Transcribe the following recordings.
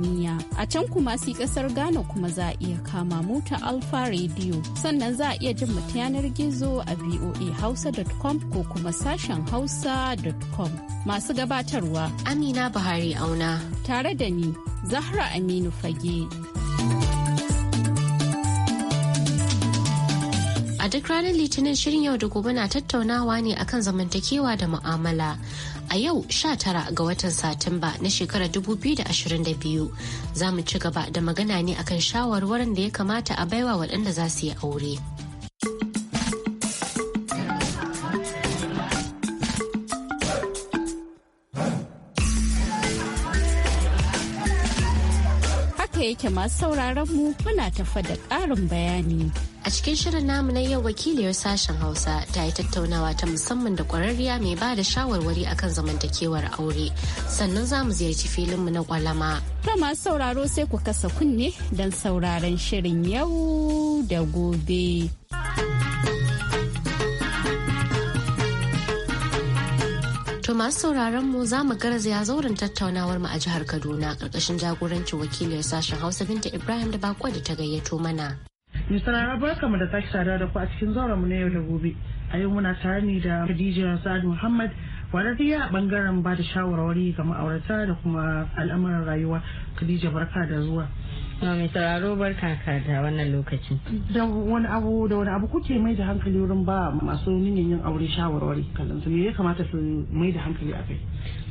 Aminiya. A can kuma si kasar Ghana kuma za a iya kama mota ta Alfa Radio. Sannan za a iya jin mu ta yanar gizo a voahausa.com ko kuma sashen hausa.com. Masu gabatarwa Amina Buhari Auna. Tare da ni Zahra Aminu Fage. A duk ranar Litinin shirin yau da gobe na tattaunawa ne akan zamantakewa da mu'amala. a yau 19 ga watan Satumba na shekarar 2022 za mu ci gaba da magana ne akan shawarwarin da ya kamata a baiwa waɗanda za su yi aure. yake masu sauraron mu muna tafa da ƙarin bayani. A cikin shirin namu na yau wakiliyar sashen Hausa ta yi tattaunawa ta musamman da kwararriya mai ba da shawarwari akan zamantakewar aure sannan za mu ziyarci mu na kwalama. Ta masu sauraro sai ku kasa kunne don sauraron shirin yau da gobe. To masu sauraron mu za mu garzaya zauren tattaunawar mu a jihar Kaduna karkashin jagorancin wakiliyar sashen Hausa Binta Ibrahim da bako da ta gayyato mana. Mai saurara barka mu da sake sadar da ku a cikin zauren mu na yau da gobe. A yau muna tare ne da Khadija Sa'ad Muhammad kwararriya a bangaren ba da shawarwari ga ma'aurata da kuma al'amuran rayuwa Khadija barka da zuwa. ma mai sauraro barka ka da wannan lokacin da wani abu da wani abu kuke mai da hankali wurin ba masu niyyar yin aure shawarwari kallon su me ya kamata su mai da hankali a kai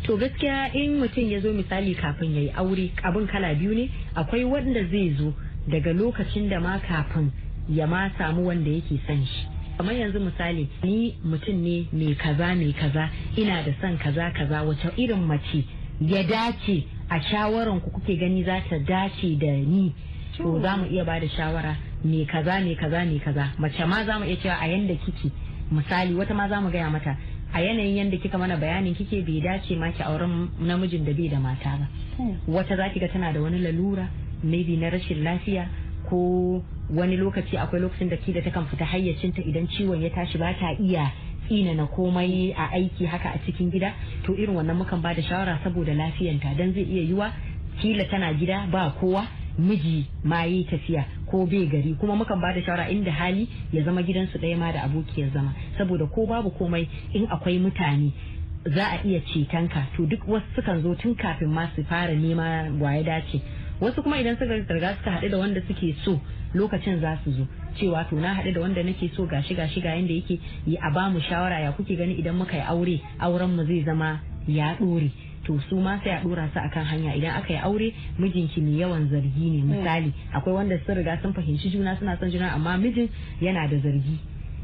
to gaskiya in mutum ya zo misali kafin ya yi aure abin kala biyu ne akwai wanda zai zo daga lokacin da ma kafin ya ma samu wanda yake son shi kamar yanzu misali ni mutum ne mai kaza mai kaza ina da son kaza kaza wata irin mace ya dace a shawaran ku kuke gani za ta dace da ni to za mu iya bada shawara me kaza me kaza me kaza mace ma za mu iya cewa a yanda kike misali wata ma za mu gaya mata a yanayin yanda kika mana bayanin kike bai dace ma ki auren namijin da bai da mata ba hmm. wata za ki ga tana da wani lalura maybe na rashin lafiya ko wani lokaci akwai lokacin da ki da takan fita hayyacinta idan ciwon ya tashi ba ta iya na komai a aiki haka a cikin gida to irin wannan mukan ba da shawara saboda lafiyanta don zai iya yiwa kila tana gida ba kowa miji ma yi tafiya ko bai gari kuma mukan ba da shawara inda hali ya zama gidansu ɗaya ma da abokiyar zama saboda ko babu komai in akwai mutane za a iya ka to duk wasu sukan zo tun kafin ma su fara nema wa dace wasu kuma idan suka riga suka haɗu da wanda suke so lokacin za su zo cewa to na haɗu da wanda nake so gashi gashi ga yanda yake yi a ba mu shawara ya kuke gani idan muka yi aure auren mu zai zama ya ɗore to su ma sai a ɗora su akan hanya idan aka yi aure mijinki mai yawan zargi ne hmm. misali akwai wanda sun riga sun fahimci juna suna son juna amma mijin yana da zargi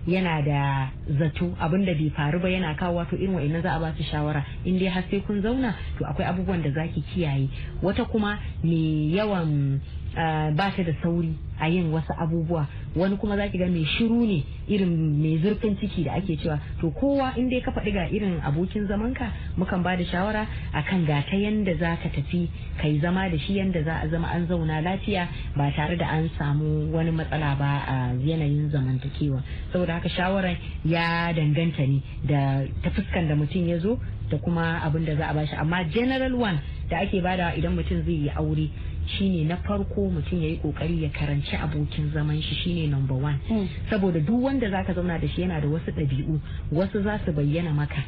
yana da zato abin da bai faru ba yana kawo wato irin wa'annan za a ba su shawara in dai har sai kun zauna to akwai abubuwan da zaki kiyaye wata kuma mai yawan Eh, ba ta da sauri a yin wasu abubuwa wani kuma zaki ga mai shiru ne irin mai zurfin ciki da ake cewa to kowa in dai ka faɗi ga irin abokin zamanka mukan ba da shawara akan ga ta yanda za ka tafi kai zama da shi yanda za a zama an zauna lafiya ba tare da an samu wani matsala ba a yanayin zamantakewa saboda haka shawarar ya danganta ne da ta fuskan da mutum ya zo da kuma abin da za a shi amma general one da ake badawa idan mutum zai yi aure shine na farko mutum ya yi kokari ya karanci abokin zaman shi shine number one hmm. saboda duk wanda zaka zauna da shi yana da wasu ɗabi'u wasu za su bayyana maka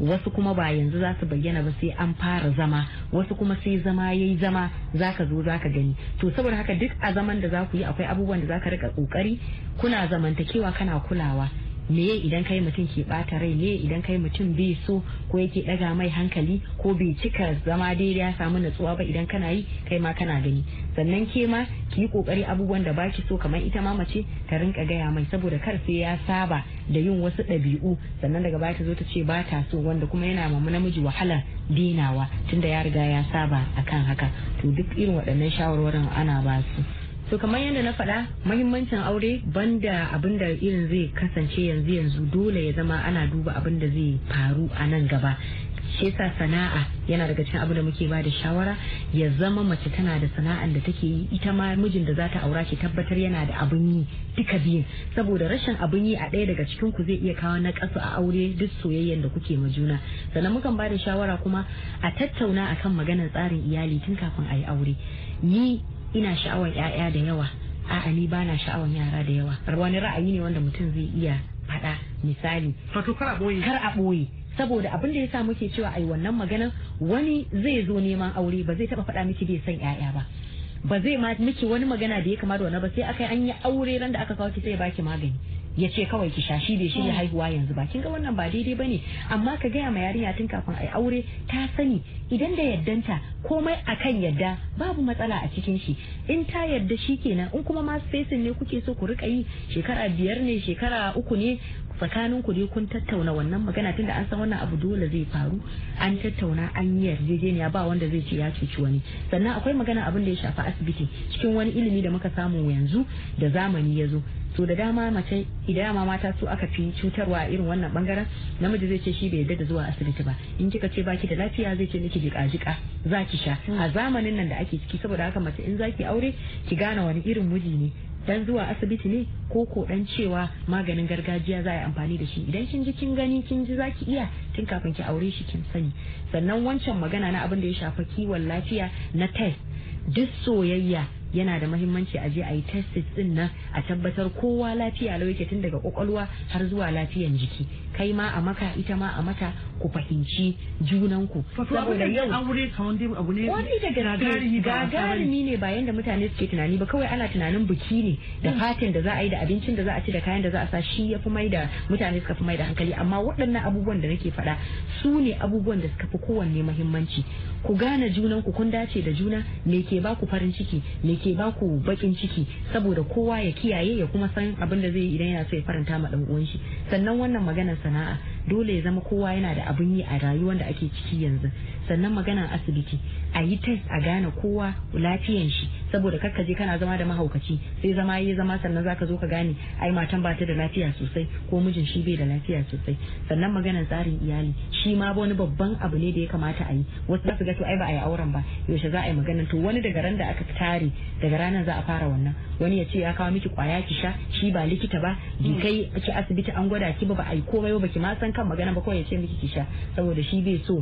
wasu kuma ba yanzu za su bayyana ba sai an fara zama wasu kuma sai zama ya yi zama za ka zo za ka gani to saboda haka duk a zaman da za ku yi akwai abubuwan da za ka rika kokari kuna zamantakewa kana kulawa ya idan kai mutum ke bata rai ne idan kai mutum bai so ko yake daga mai hankali ko bai cika zama daidai ya samu natsuwa ba idan kana yi kai ma kana gani sannan ke ma ki yi kokari abubuwan da baki so kamar ita ma mace ta rinka gaya mai saboda kar sai ya saba da yin wasu ɗabi'u sannan daga baya ta zo ta ce ba ta so wanda kuma yana mamu namiji wahala dinawa tunda ya riga ya saba akan haka to duk irin waɗannan shawarwarin ana ba su. to kamar yadda na faɗa mahimmancin aure banda abin da irin zai kasance yanzu yanzu dole ya zama ana duba abin da zai faru a nan gaba shi yasa sana'a yana daga cikin abu da muke ba da shawara ya zama mace tana da sana'ar da take yi ita ma mijin da za ta aura ki tabbatar yana da abun yi duka biyun saboda rashin abun yi a ɗaya daga cikin ku zai iya kawo naƙasu a aure duk soyayyen da kuke ma juna sannan mukan ba da shawara kuma a tattauna akan maganar tsarin iyali tun kafin a yi aure ni ina sha'awar 'ya'ya da yawa a'a ni ba na sha'awar yara da yawa wani ra'ayi ne wanda mutum zai iya faɗa misali fato kar a ɓoye kar a ɓoye saboda abin da yasa muke cewa ai wannan maganar wani zai zo neman aure ba zai taba faɗa miki bai san 'ya'ya ba ba zai ma miki wani magana da ya kama da wani ba sai akai an yi aure ran da aka kawo ki sai baki magani ya ce kawai ki sha shi bai shirya hmm. haihuwa yanzu ba kin ga wannan ba daidai bane amma ka gaya ma yarinya tun kafin ai aure ta sani idan da yaddanta komai akan yadda babu matsala a cikin shi in ta yadda shi kenan in kuma ma spacing ne kuke so ku rika yi shekara biyar ne shekara uku ne tsakanin ku dai kun tattauna wannan magana tunda an san wannan abu dole zai faru an tattauna an yi yarjejeniya ba wanda zai ce ya cuci wani sannan akwai magana abin da ya shafi asibiti cikin wani ilimi da muka samu yanzu da zamani ya zo so da dama mace idan ma mata su aka fi cutarwa a irin wannan bangaren namiji zai ce shi bai yadda da zuwa asibiti ba in kika ce baki da lafiya zai ce miki jika jika za ki sha hmm. a zamanin nan da ake ciki saboda haka mace in zaki aure ki gane wani irin miji ne dan zuwa asibiti ne ko ko dan cewa maganin gargajiya za a yi amfani da shi idan kin ji kin gani kin ji za ki iya tun kafin ki aure shi kin sani sannan wancan magana na abin da ya shafa kiwon lafiya na test duk soyayya yana da mahimmanci a je a yi testis din nan a tabbatar kowa lafiya lau yake tun daga kwakwalwa har zuwa lafiyan jiki kai ma a maka ita ma a mata ku fahimci junanku saboda yau aure kawan dai abu ne wani da gagarumi ne ba yanda mutane suke tunani ba kawai ana tunanin biki ne da hmm. fatin da za a yi da abincin da za a ci da kayan da za a sa shi ya fi mai da mutane suka fi mai da hankali amma waɗannan abubuwan da nake faɗa su ne abubuwan da suka fi kowanne muhimmanci ku gane junanku kun dace da juna me ke ba ku farin ciki me ke ba ku bakin ciki saboda kowa ya kiyaye ya kuma san abin da zai yi idan yana so ya faranta ma ɗan uwan shi sannan wannan maganar sana'a dole ya zama kowa yana da abin yi a rayuwar da ake ciki yanzu sannan maganan asibiti a yi test a gane kowa lafiyan shi saboda karka je kana zama da mahaukaci sai zama yi zama sannan zaka zo ka gane ai matan ba ta da lafiya sosai ko mijin shi bai da lafiya sosai sannan maganar tsarin iyali shi ma wani babban abu ne da ya kamata a yi wasu za su ga to ai ba a yi auren ba yaushe za a yi maganar to wani daga ran da aka tare daga ranar za a fara wannan wani ya ce ya kawo miki kwaya ki sha shi ba likita ba ki mm. kai ki asibiti an gwada ki ba ba a yi komai ba ki ma san kan magana ba kawai ya ce miki ki sha saboda shi bai so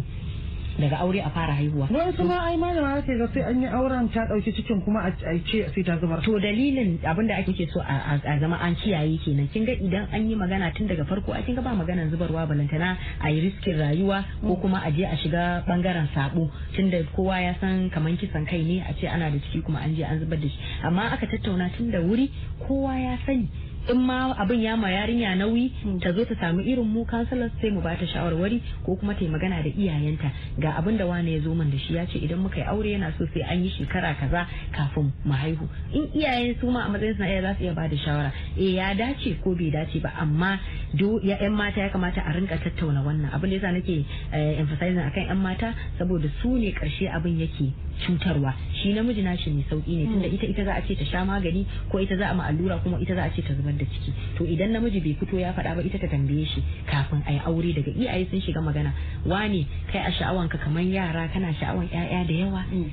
daga aure a fara haihuwa wai kuma ai malama ce ga sai an yi auren ta dauki cikin kuma a ce sai ta zubar to dalilin abin da ake so a zama an kiyaye kenan kin ga idan an yi magana tun daga farko a kin ga ba maganan zubarwa balantana a yi riskin rayuwa ko kuma a je a shiga bangaren sabo da kowa ya san kaman kisan kai ne a ce ana da ciki kuma an je an zubar da shi amma aka tattauna tun da wuri kowa ya sani in ma abin ya ma yarinya nauyi hmm. ta zo ta samu irin mu kansalar sai mu bata shawarwari ko kuma ta magana da iyayenta ga abin da wane ya zo man da shi ya ce idan muka yi aure yana so sai an yi shekara kaza kafin mu haihu in iyayen su ma a matsayin su na iya za su iya bada shawara eh ya dace ko bai dace ba amma do ya yan mata ya kamata a rinka tattauna wannan abin da yasa nake eh, emphasizing akan yan mata saboda su ne karshe abin yake cutarwa shi namiji nashi mai sauki ne tunda mm. ita ita za a ce ta sha magani ko ita za a ma allura kuma ita za a ce ta zubar da ciki to idan namiji bai fito ya faɗa ba ita ta tambaye shi kafin a yi aure daga iyaye sun shiga magana wane kai a sha'awanka kamar yara kana sha'awan 'ya'ya da yawa mm.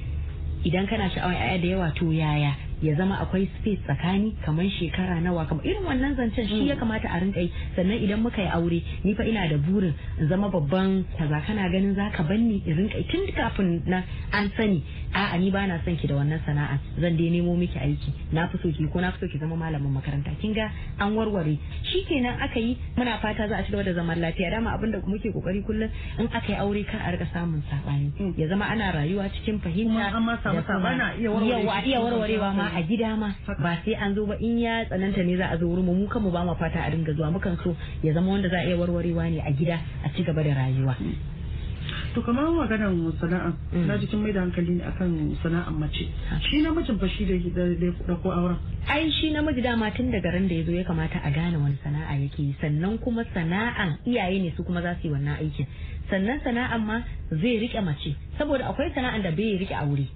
idan kana sha'awan 'ya'ya da yawa to yaya ya zama akwai space tsakani kamar shekara nawa kamar irin wannan zancen shi ya mm. kamata a rinka yi sannan idan muka yi aure ni fa ina da burin in zama babban kaza kana ganin zaka banni in rinka tun kafin na an sani a'a ni bana son ki da wannan sana'a zan dai nemo miki aiki na fi so ki ko na fi so ki zama malamin makaranta kin ga an warware shikenan aka yi muna fata za a ci gaba da zaman lafiya dama abin da muke kokari kullum in aka yi aure kar a rika samun sabani mm. ya zama ana rayuwa cikin fahimta kuma an ma sabana iya warwarewa ma a gida ma ba sai an zo ba in ya tsananta ne za a zo wurin mu kanmu ba mu fata a dinga zuwa mukan so ya zama wanda za a iya warwarewa ne a gida a ci gaba da rayuwa mm. to kamar maganar sana'a mm. na jikin mai da hankali ne akan sana'ar mace shi namijin ba shi da ko auren ai shi namiji dama tun daga ran da ya zo ya kamata a gane wani sana'a yake yi sannan kuma sana'an iyaye ne su kuma za su yi wannan aikin sannan sana'an ma zai rike mace saboda akwai sana'an da bai rike aure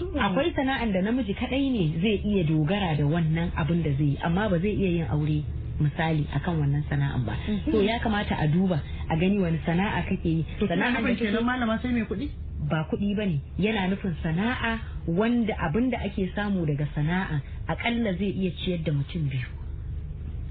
akwai sana'an da namiji kadai ne zai iya dogara da wannan abin da zai yi amma ba zai iya yin aure misali akan wannan sana'an ba mhm. to ya kamata a duba a gani wani sana'a kake yi sana'a da nan malama sai mai kuɗi ba kuɗi ba ne yana nufin sana'a wanda abin da ake samu daga sana'a akalla zai iya ciyar da mutum biyu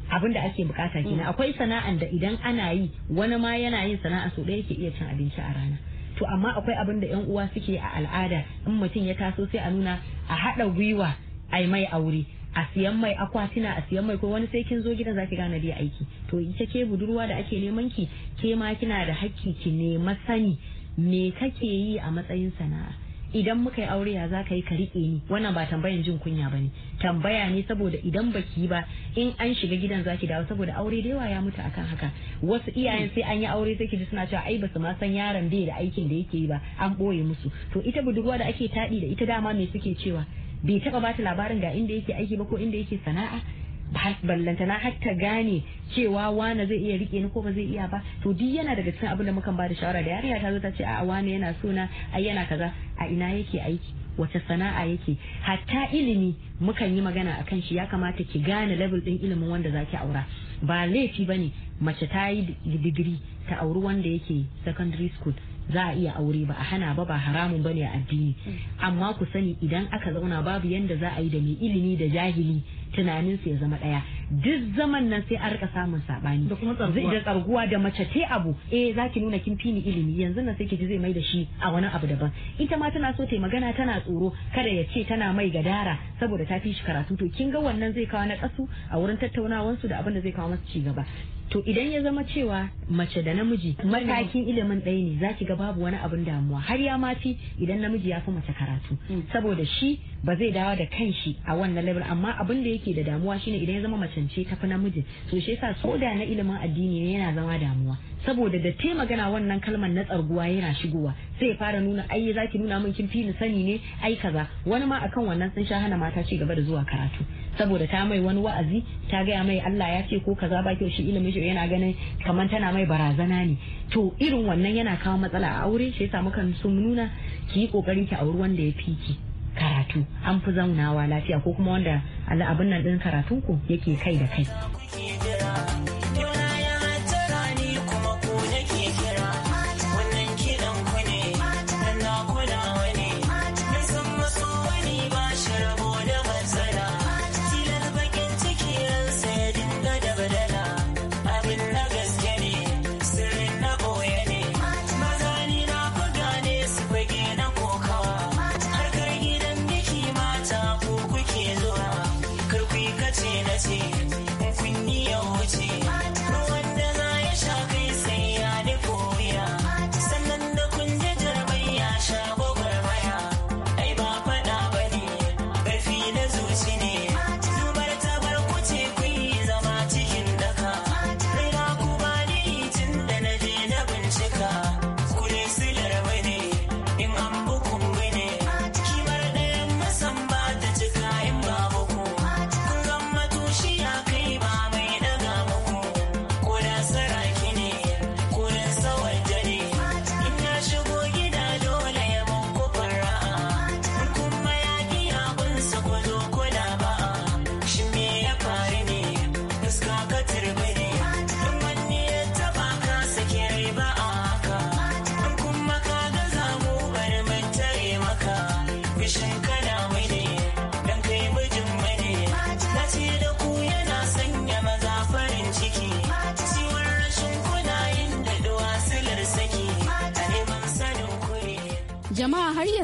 abin da ake bukata kenan mm. akwai sana'an da idan ana yi wani ma yana yin sana'a so ɗaya yake iya cin abinci a rana to amma akwai abin da yan uwa suke a al'ada in mutum ya taso sai a nuna a haɗa gwiwa a yi mai aure a siyan mai akwatina a siyan mai ko wani sai kin zo gidan zaki gane dai aiki to ita ke budurwa da ake neman ki ke ma kina da hakki ki nema sani me kake yi a matsayin sana'a idan muka yi aure ya za ka yi ka riƙe ni wannan ba tambayan jin kunya ba ne tambaya ne saboda idan baki ba in an shiga gidan zaki dawo saboda aure da yawa ya mutu akan haka wasu iyayen sai an yi aure sai ki ji suna cewa ai basu ma san yaron bai da aikin da yake yi ba an boye musu to ita budurwa da ake taɗi da ita dama me suke cewa bai taba bata labarin ga inda yake aiki ba ko inda yake sana'a ballantana na hatta gane cewa wane zai iya rike ni ko ba zai iya ba to duk yana daga cikin abin da mukan ba da shawara da yarinya ta zo ta ce a wane yana suna a yana kaza a ina yake aiki wace sana'a yake hatta ilimi mukan yi magana akan shi ya kamata ki gane level din ilimin wanda zaki aura ba laifi bane mace ta yi digiri ta auri wanda yake secondary school za a iya aure ba a hana ba ba haramun bane a addini amma ku sani idan aka zauna babu yanda za a yi da mai ilimi da jahili tunanin ya zama daya duk zaman nan sai a rika samun sabani da kuma da tsarguwa da mace te abu eh zaki nuna kin fini ilimi yanzu nan sai kiji zai mai da shi a wani abu daban ita ma tana so ta magana tana tsoro kada ya ce tana mai gadara saboda ta fi shi karatu to kin ga wannan zai kawo na kasu a wurin tattaunawansu da abin da zai kawo masu ci gaba to idan ya zama cewa mace da namiji matakin ilimin ɗaya ne za ki ga babu wani abin damuwa har ya ma idan namiji ya fi mace karatu mm. saboda shi ba zai dawo da kan shi a wannan level amma abin da yake da damuwa shine idan ya zama macance ta fi namiji to shi yasa soda na ilimin addini ne yana zama damuwa saboda da te magana wannan kalmar na tsarguwa yana shigowa sai ya fara nuna ai ki nuna min kin fi ni sani ne ai kaza wani ma akan wannan sun sha hana mata ci gaba da zuwa karatu saboda ta mai wani wa'azi ta gaya mai Allah ya ce ko kaza ba kyau shi ilimin shi yana ganin kamar tana mai barazana ne to irin wannan yana kawo matsala a aure shi yasa mukan sun nuna ki yi kokari ki auri wanda ya fi ki karatu an fi zaunawa lafiya ko kuma wanda abin nan din karatun ku yake kai da kai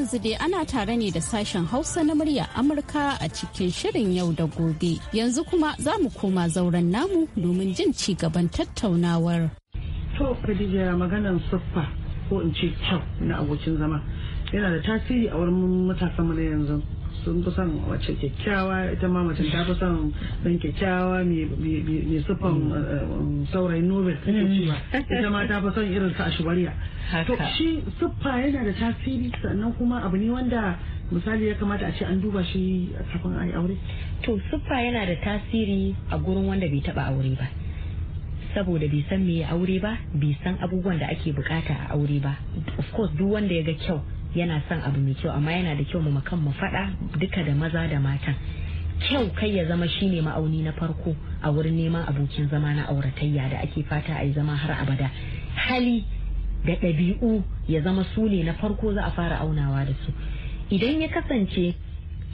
yanzu dai ana tare ne da sashen Hausa na murya Amurka a cikin shirin yau da gobe. Yanzu kuma za mu koma zauren namu domin jin ci gaban tattaunawar. To, Khadija maganan siffa ko in ce kyau na abokin zama yana da tasiri a wurin matasan mu na yanzu. sun fi son wacce kyakkyawa ita ma mace ta fi son dan kyakkyawa mai siffan mm. eh, um, saurayin nobel ita ma ta fi son irin sa a shubariya to shi siffa yana da tasiri sannan kuma abu ne wanda misali ya kamata a ce an duba shi kafin a yi aure to siffa yana da tasiri a gurin wanda bai taba aure ba saboda bai san me aure ba bai san abubuwan da ake bukata a aure ba of course duk wanda ya ga kyau yana son abu mai kyau amma yana da kyau mu makan mu faɗa duka da maza da matan kyau kai ya zama shine ma'auni na farko a wurin neman abokin zama na auratayya da ake fata a yi zama har abada hali da ɗabi'u ya zama su ne na farko za a fara aunawa da su idan ya kasance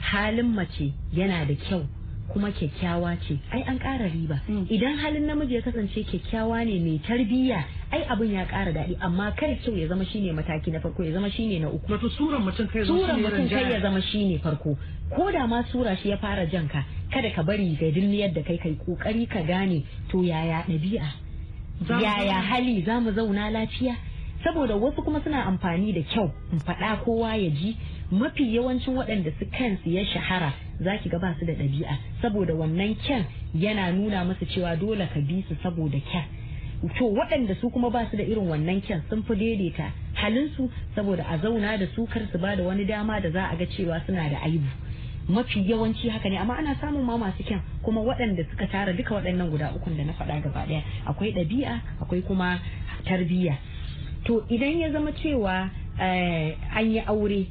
halin mace yana da kyau kuma kyakkyawa ce ai an ƙara riba mm. idan halin namiji ya kasance kyakkyawa ne mai tarbiyya ai abin ya kara daɗi amma kar kyau ya zama shine mataki na farko ya zama shine na uku wato suran mutum kai suran mutum kai ya zama shine farko ko da ma sura shi ya fara janka kada ka bari ga dinniyar da kai kai kokari ka gane to yaya ɗabi'a yaya hali zamu zauna lafiya saboda wasu kuma suna amfani da kyau in faɗa kowa ya ji mafi yawancin waɗanda su kansu ya shahara za ki ga basu da ɗabi'a saboda wannan kyan yana nuna musu cewa dole ka bi su saboda kyan to waɗanda su kuma ba su da irin wannan kyan sun fi daidaita halinsu saboda a zauna da su kar su ba da wani dama da za a ga cewa suna da aibu mafi yawanci haka ne amma ana samun ma masu kyan kuma waɗanda suka tara duka waɗannan guda ukun da na faɗa gaba ɗaya akwai ɗabi'a akwai kuma tarbiyya to idan ya zama cewa eh, an yi aure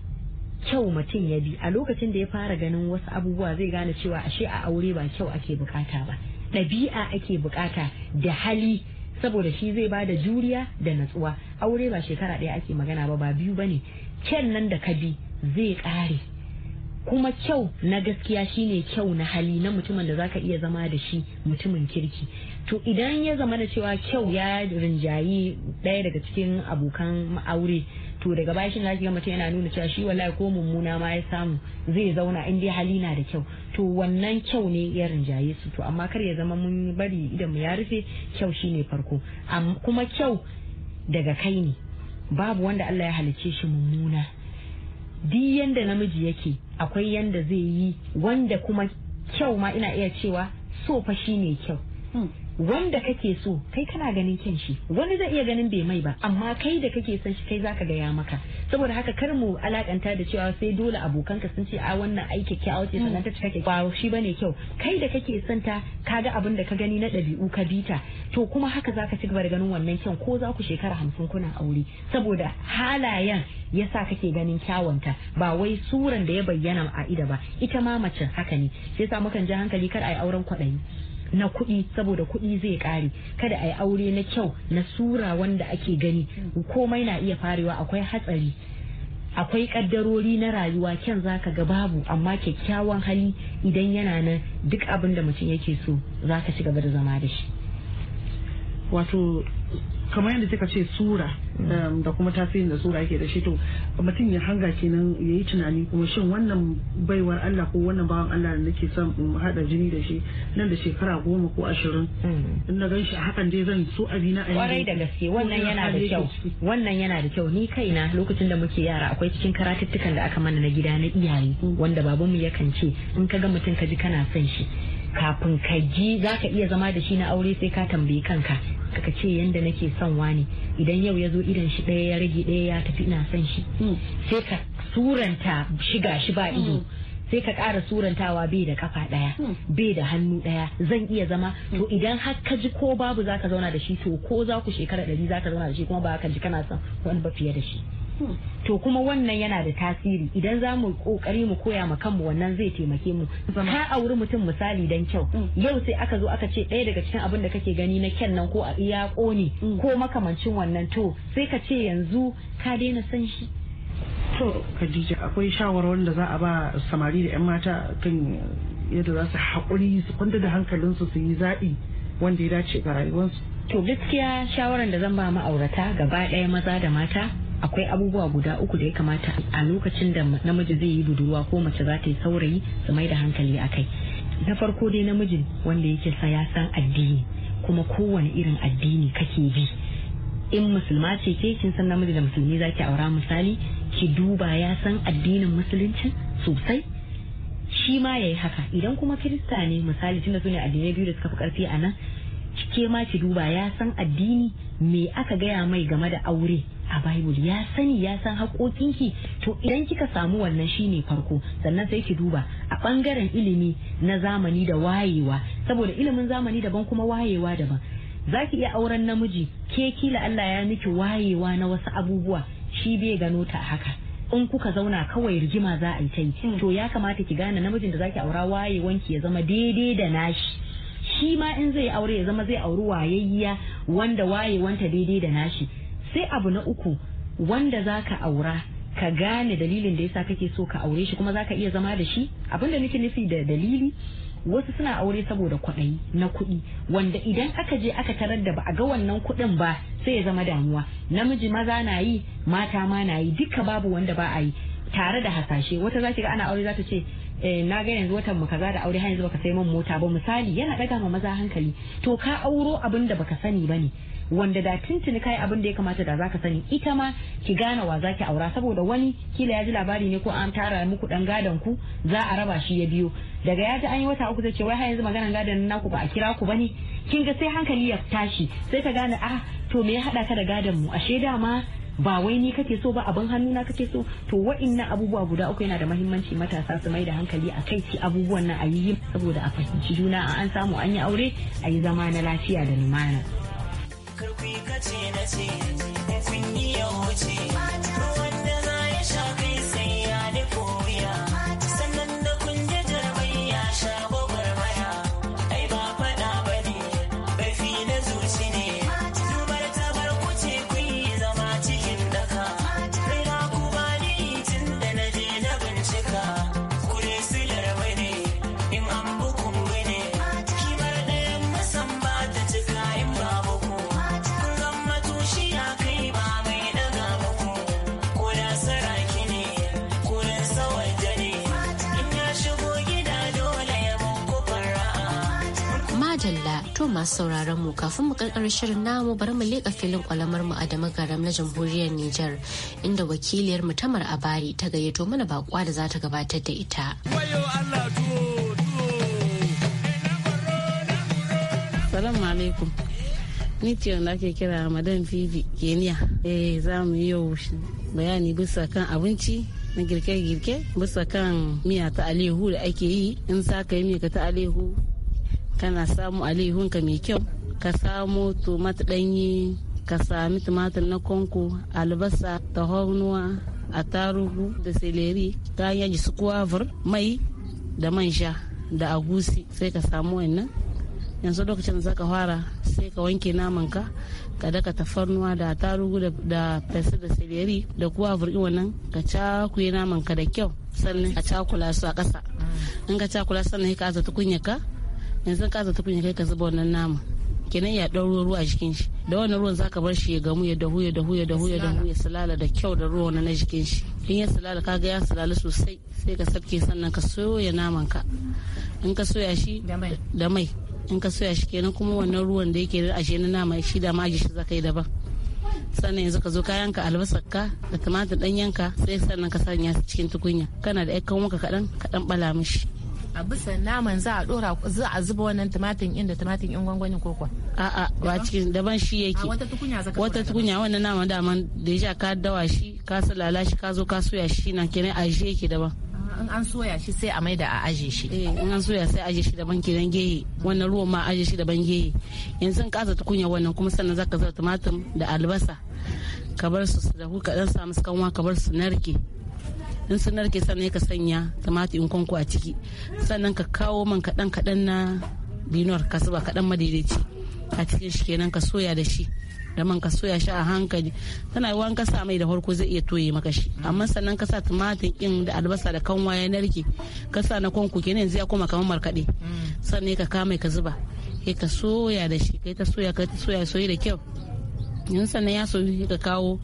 kyau mutum ya bi a lokacin da ya fara ganin wasu abubuwa zai gane cewa ashe a aure ba kyau ake bukata ba ɗabi'a ake bukata da hali saboda shi zai ba da juriya da natsuwa aure ba shekara ɗaya ake magana ba ba biyu bane kyan nan da ka bi zai ƙare kuma kyau na gaskiya shine kyau na hali na mutumin da zaka iya zama da shi mutumin kirki to idan ya zama da cewa kyau ya rinjayi ɗaya daga cikin abokan aure to daga baya shin zaki ga mutum yana nuna cewa shi wallahi ko mummuna ma ya samu zai zauna in dai hali na da kyau to wannan kyau ne ya rinjaye su to amma kar ya zama mun bari idan mu ya rufe kyau shine farko kuma kyau daga kai ne babu wanda Allah ya halicce shi mummuna duk yanda namiji yake akwai yanda zai yi wanda kuma kyau ma ina iya cewa so fa shine kyau hmm. wanda kake so kai kana ganin kyan shi wani zai iya ganin bai mai ba amma kai da kake son shi kai zaka ga ya maka saboda haka kar mu alakanta da cewa sai dole abokanka sun ce a wannan ai kyakkyawa ce sannan ta cika ba shi bane kyau kai da kake son ta ga abin da ka gani na dabi'u ka bita to kuma haka zaka ci gaba da ganin wannan kyan ko za ku shekara hamsin kuna aure saboda halayen yasa kake ganin kyawanta ba wai suran da ya bayyana a ida ba ita ma mace haka ne sai sa mukan ji hankali kar a yi auren kwaɗayi na kuɗi saboda kuɗi zai ƙare kada a yi aure na kyau na sura wanda ake gani komai na iya farewa akwai hatsari akwai kaddarori na rayuwa kyan zaka ga babu amma kyakkyawan hali idan yana na duk abin da mutum yake so zaka ci gaba da zama da shi wato kamar yadda kika ce sura mm. um, da kuma tasirin da sura ke da shi to mutum ya hanga kenan ya yi tunani kuma shin wannan baiwar Allah ko wannan bawan Allah da nake son in haɗa jini da shi nan da shekara goma ko ashirin mm. in na ganshi a hakan dai zan so abina a kwarai da gaske wannan yana da kyau wannan yana da kyau ni kaina lokacin da muke yara akwai cikin karatuttukan da aka mana na gida na iyaye mm. wanda babanmu yakan ce in ka ga mutum ka ji kana son shi kafin ka ji za ka iya zama da shi na aure sai ka tambayi kanka ka ce yanda nake son wani idan yau ya zo idan shi ɗaya ya rage ɗaya ya tafi ina son shi hmm. sai ka suranta shiga shi ba ido hmm. sai ka kara surantawa bai da kafa ɗaya hmm. bai da hannu ɗaya zan iya zama to idan har ka ji ko babu zaka zauna da shi to ko za ku shekara ɗari zaka zauna da shi kuma ba ka ji kana son wani ba fiye da shi to kuma wannan yana da tasiri idan za mu kokari mu koya ma kanmu wannan zai taimake mu ka auri mutum misali dan kyau mm. yau sai aka zo aka ce ɗaya daga cikin abin da kake gani na kyan nan ko a iya ƙone mm. ko makamancin wannan to sai ka ce yanzu ka daina san shi to Khadija akwai shawarwarin da za a ba samari da 'yan mata kan yadda za su haƙuri su kwanta da hankalinsu su yi zaɓi wanda ya dace ga rayuwarsu to gaskiya shawaran da zan ba ma'aurata gaba ɗaya maza da mata akwai abubuwa guda uku da ya kamata a lokacin da namiji zai yi budurwa ko mace za ta yi saurayi su mai da hankali a kai na farko dai namijin wanda yake sa ya san addini kuma kowane irin addini kake bi in musulma ce ke kin san namiji da musulmi zaki aura misali ki duba ya san addinin musulunci sosai shi ma ya yi haka idan kuma kirista ne misali tunda su ne addinai biyu da suka fi karfi a nan ke ma ki duba ya san addini me aka gaya mai game da aure a bible ya sani ya san ki. to idan kika samu wannan shine farko sannan sai ki duba a ɓangaren ilimi na zamani da wayewa saboda ilimin zamani daban kuma wayewa daban zaki iya auren namiji ke kila Allah ya miki wayewa na wasu abubuwa shi bai gano ta haka in kuka zauna kawai rigima za a yi ta hmm. to ya kamata ki gane namijin da zaki aura wayewanki ya zama daidai da nashi shi ma in zai aure ya zama zai auri wayayya wanda wayewanta daidai da nashi sai abu na uku wanda za ka aura ka gane dalilin da ya sa kake so ka aure shi kuma za ka iya zama da shi abinda nake nufi da dalili wasu suna aure saboda kwaɗayi na kuɗi wanda idan aka je aka tarar da ba a ga wannan kuɗin ba sai ya zama damuwa namiji maza na yi mata ma na yi duka babu wanda ba a yi tare da hasashe wata za ki ga ana aure za ta ce eh, na ga yanzu watan mu kaza da aure har yanzu baka sai min mota ba misali yana daga ma maza hankali to ka auro abin da baka sani ba ne. wanda da tuntuni kai abin da ya kamata da zaka sani ita ma ki gane wa zaki aura saboda wani kila ya ji labari ne ko an tara muku dan gadon ku za a raba shi ya biyo daga ya ji an yi wata uku zai ce wai har yanzu maganan gadon naku ba a kira ku bane kin ga sai hankali ya tashi sai ka gane ah to me ya hada ka da gadon mu ashe da ma ba wai ni kake so ba abin hannu na kake so to wa'annan abubuwa guda uku yana da mahimmanci matasa su mai da hankali a kai ci abubuwan nan a yi saboda a fahimci juna an samu an yi aure a yi zama na lafiya da lumana. karfi kace na ce kun yi ya wuce sauraron mu kafin mu karkar shirin namu bari mu leƙa filin kwalamar mu a garam na jamhuriyar Nijar inda wakiliyar mu Tamar Abari ta gayyato mana bakwa da za ta gabatar da ita. Salamu alaikum. Ni ce wanda ake kira Madam Fifi Kenya. Eh za mu yi yau bayani bisa kan abinci na girke-girke bisa kan miya ta alehu da ake yi in sa ka yi miya ta alehu kana samu alihunka mai kyau ka samu tomat ɗanyi ka sami tumatir na konko albasa a tarugu da seleri ta hanyar su kuwavur mai da manja da agusi sai ka samu wannan yanzu lokacin za ka fara sai ka wanke namanka ka daka tafarnuwa da tarugu da fesa da seleri da kuwa vurgi wannan ka cakuye namanka da kyau sannan ka cakula su a ƙasa mm. in ka cakula sannan ka aza tukunya yanzu ka zata kai ka zuba wannan nama kenan ya ɗauro ruwa a jikin shi da wannan ruwan zaka bar shi ya gamu ya dahu ya dahu ya dahu ya dahu ya sulala da kyau da ruwan na jikin shi in ya sulala ga ya sulala sosai sai ka sabke sannan ka soya naman ka in ka soya shi da mai in ka soya shi kenan kuma wannan ruwan da yake a na nama shi da maji shi zaka yi daban sannan yanzu ka zo kayan ka albasar ka da tumatir ɗanyen ka sai sannan ka sanya su cikin tukunya kana da ƴan kanwa kaɗan kaɗan bala mishi a bisa naman za a dora za a zuba wannan tumatin inda tumatin in gwangwanin a a'a ba cikin daban shi yake wata tukunya zaka wata tukunya wannan naman daman da ya ka dawa shi ka salala shi ka zo ka soya shi na kenan a je yake daban ah, in an soya shi sai a maida a aje shi eh in an soya sai aje shi daban kenan gehe wannan ruwan ma aje shi daban gehe yanzu in kaza tukunya wannan kuma sannan zaka zuba tumatin da albasa ka bar su su dahu ka dan samu kanwa ka bar su narke in sanar ke sannan ka sanya in kwankwa a ciki sannan ka kawo man kaɗan kaɗan na dinuwar ka zuba kaɗan madaidaici a cikin shi kenan ka soya da shi da man ka soya shi a hankali tana yi ka sa mai da farko zai iya toye maka shi amma sannan ka sa tumatir in da albasa da kanwa ya narke ka sa na kwanku kenan yanzu ya koma kamar markaɗe sannan ka kama ka zuba kai ka soya da shi kai ta soya kai ta soya soyi da kyau in sannan ya soyu ka kawo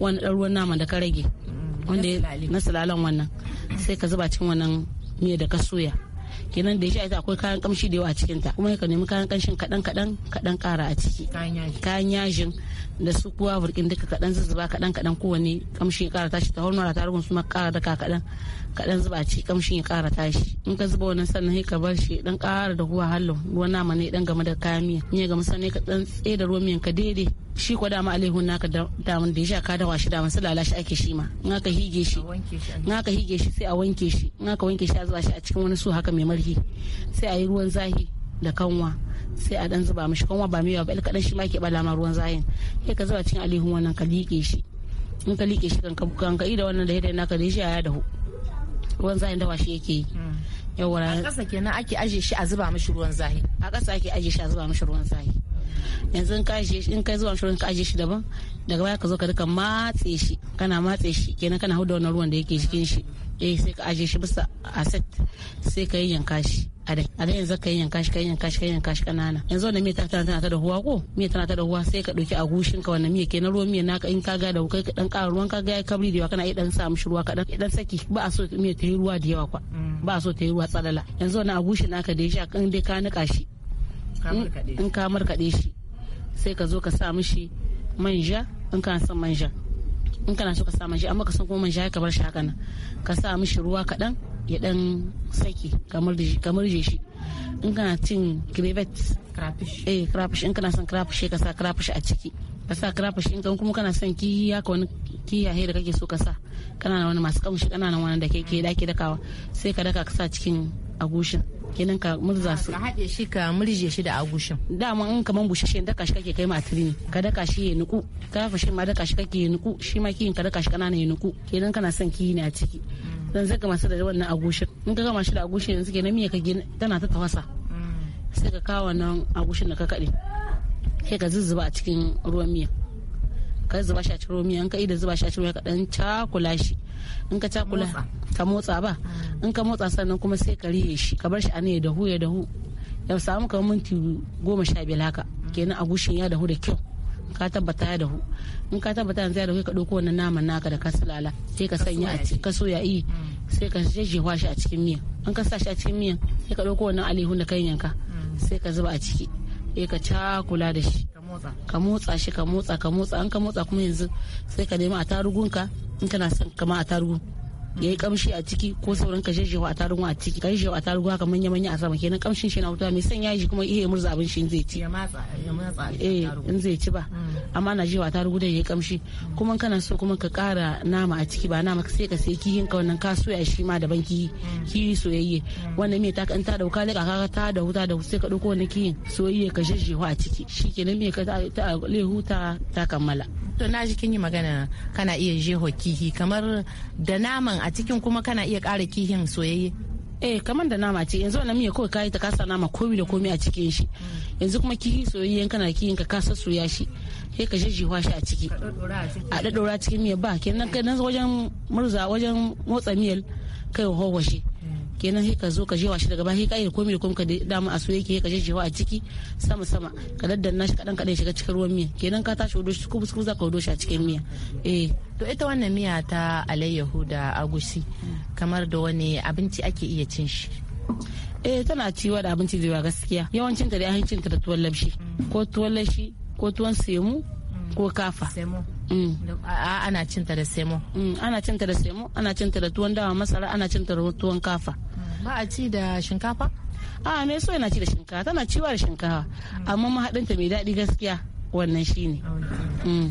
wani ɗan ruwan nama da ka rage wanda na sulalan wannan sai ka zuba cikin wannan miya da ka soya kenan da ya ita akwai kayan kamshi da yawa a cikin ta kuma ka nemi kayan kamshin kadan kadan kadan kara a ciki kayan yajin da su kuwa burkin duka kadan zuzzuba kadan kadan kowane kamshi kara tashi ta hormona ta rugun su ma kara daka kadan kaɗan zuba ci kamshin ya ƙara tashi in ka zuba wannan sannan sai ka bar shi dan ƙara da ruwa hallo ruwan nama ne dan game da kayan miya ne ga gama sannan ka dan tsaye da ruwan miyan ka daidai shi ko dama alaihun naka damun da ya sha ka dawa shi damun su lalashi ake shi ma in aka hige shi in aka hige shi sai a wanke shi in aka wanke shi a zuba shi a cikin wani su haka mai marhi sai a yi ruwan zahi da kanwa sai a dan zuba mishi kanwa ba mai ba ba kaɗan shi ma ke bala ma ruwan zahin sai ka zuba cikin alaihun wannan ka liƙe shi in ka liƙe shi kan ka ida wannan da ya naka da ya sha ya dahu ruwan zahin dawa shi yake yi mm. yawwa a ƙasa kenan ake aje shi a zuba mishi ruwan zahi a ƙasa ake aje shi a zuba mishi ruwan zahi yanzu in ka in kai zuwa shirin ka aje shi daban daga baya ka zo ka duka matse shi kana matse shi kenan kana hudu wannan ruwan da yake jikin shi eh sai ka aje shi bisa aset sai ka yi yanka shi a dai a dai yanzu ka yi yanka shi ka yi yanka shi ka yi yanka shi kanana yanzu wannan miya ta tana ta da huwa ko miya tana ta da huwa sai ka dauki agushin ka wannan miya na ruwan miya naka in ka ga da kai ka dan ƙara ruwan ka ga ya kabri da yawa kana iya dan sa mishi ruwa kaɗan dan saki ba a so miya ta yi ruwa da yawa kwa mm. ba a so ta yi ruwa tsalala yanzu wannan gushin naka da ya sha kan dai ka nika shi in ka markaɗe shi sai ka zo ka sa mishi manja in ka san manja in kana so ka sa manja amma ka san kuma manja ka bar shi haka nan ka sa mishi ruwa kaɗan ya ɗan saki ka murje shi in kana cin crevet eh crayfish in kana son crayfish ka sa crayfish a ciki ka sa crayfish in kuma kana son kiya ka wani kiyaye da kake so ka sa kana wani masu kamshi kana wani da ke ke dakawa sai ka daka ka sa cikin agushin kenan ka murza su ka haɗe shi ka murje shi da agushin dama in kaman shi daka shi kake kai matiri ne ka daka shi ya nuku ka shi ma daka shi kake ya nuku shi ma kiyin ka daka shi kanana ya nuku kenan kana son kiyi ne a ciki dan ka masa da wannan agushin in ka gama shi da agushin yanzu kenan miya ka gina tana ta tafasa sai ka kawo nan agushin da ka kaɗe sai ka zuzzuba a cikin ruwan miya ka zuba shi a cikin ruwan miya in ka ida zuba shi a cikin ruwan ka dan cakula shi in ka cakula ka motsa ba mm. in ka motsa sannan kuma sai ka rihe shi ka bar shi a ne ya dahu ya dahu ya samu kamar minti goma sha biyar haka mm. kenan a gushin ya dahu da kyau ka tabbata ya dahu in ka tabbata yanzu ya dahu ka ɗauko wannan naman naka da ka sulala sai ka sanya a cikin ka soya iya eh. mm. sai ka jejjewa shi a cikin miyan in ka sa shi a cikin miyan sai ka ɗauko wannan alihun da kan yanka sai ka zuba a ciki sai ka cakula da shi ka motsa shi ka motsa ka motsa an ka motsa kuma yanzu sai ka nemi a tarugunka in kana son kama a tarugu ya yi kamshi a ciki ko sauran ka jejjewa a tarugu a ciki ka jejjewa a tarin tarugu haka manya manya a sama kenan kamshin shi na wuta mai sanya shi kuma iya murza abin shi in zai ci eh in zai ci ba mm. amma na jewa a tarin da ya yi kamshi kuma kana so kuma ka kara nama a ciki ba nama sai ka sai kihin ka wannan ka soya shi ma daban ki mm. ki soyayye mm. wannan mai ta kan ta dauka ne ka ta da wuta da sai ka dauko wannan kihin soyayye ka jejjewa a ciki shikenan me ka ta ta ta kammala to na kin yi magana kana iya jeho kihi kamar da naman a cikin kuma kana iya ƙara kihin soyayye eh kamar da nama ce yanzu wannan miya kawai kayi ta kasa nama komi da komi a cikin shi mm. yanzu kuma kihi soyayye kana kihin ka kasa soya shi sai ka jejjewa shi a ciki a daddora cikin miya ba kenan kai wajen murza wajen motsa miyal kai hawa shi kenan sai ka zo ka jewa shi daga baya sai ka yi komai da komai ka dama a soyayya ka ka jewa a ciki sama sama ka daddanna shi kadan kadan shiga cikin ruwan miya kenan ka tashi wudo shi kuma za ka wudo shi a cikin miya eh to ita wannan miya ta alayyahu da agushi kamar da wani abinci ake iya cin shi eh tana ciwa da abinci da gaskiya yawancin ta da ahincin ta da tuwon lamshi ko tuwon lashi ko tuwon semu ko kafa mm. ana cinta mm, da semo ana cinta da semo ana cinta da tuwon dawa masara ana cinta da tuwon kafa ba a ci da shinkafa a me so yana ci da shinkafa tana ciwa da shinkafa amma mahaɗinta mai daɗi gaskiya wannan shine. ne.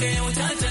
ka yau ta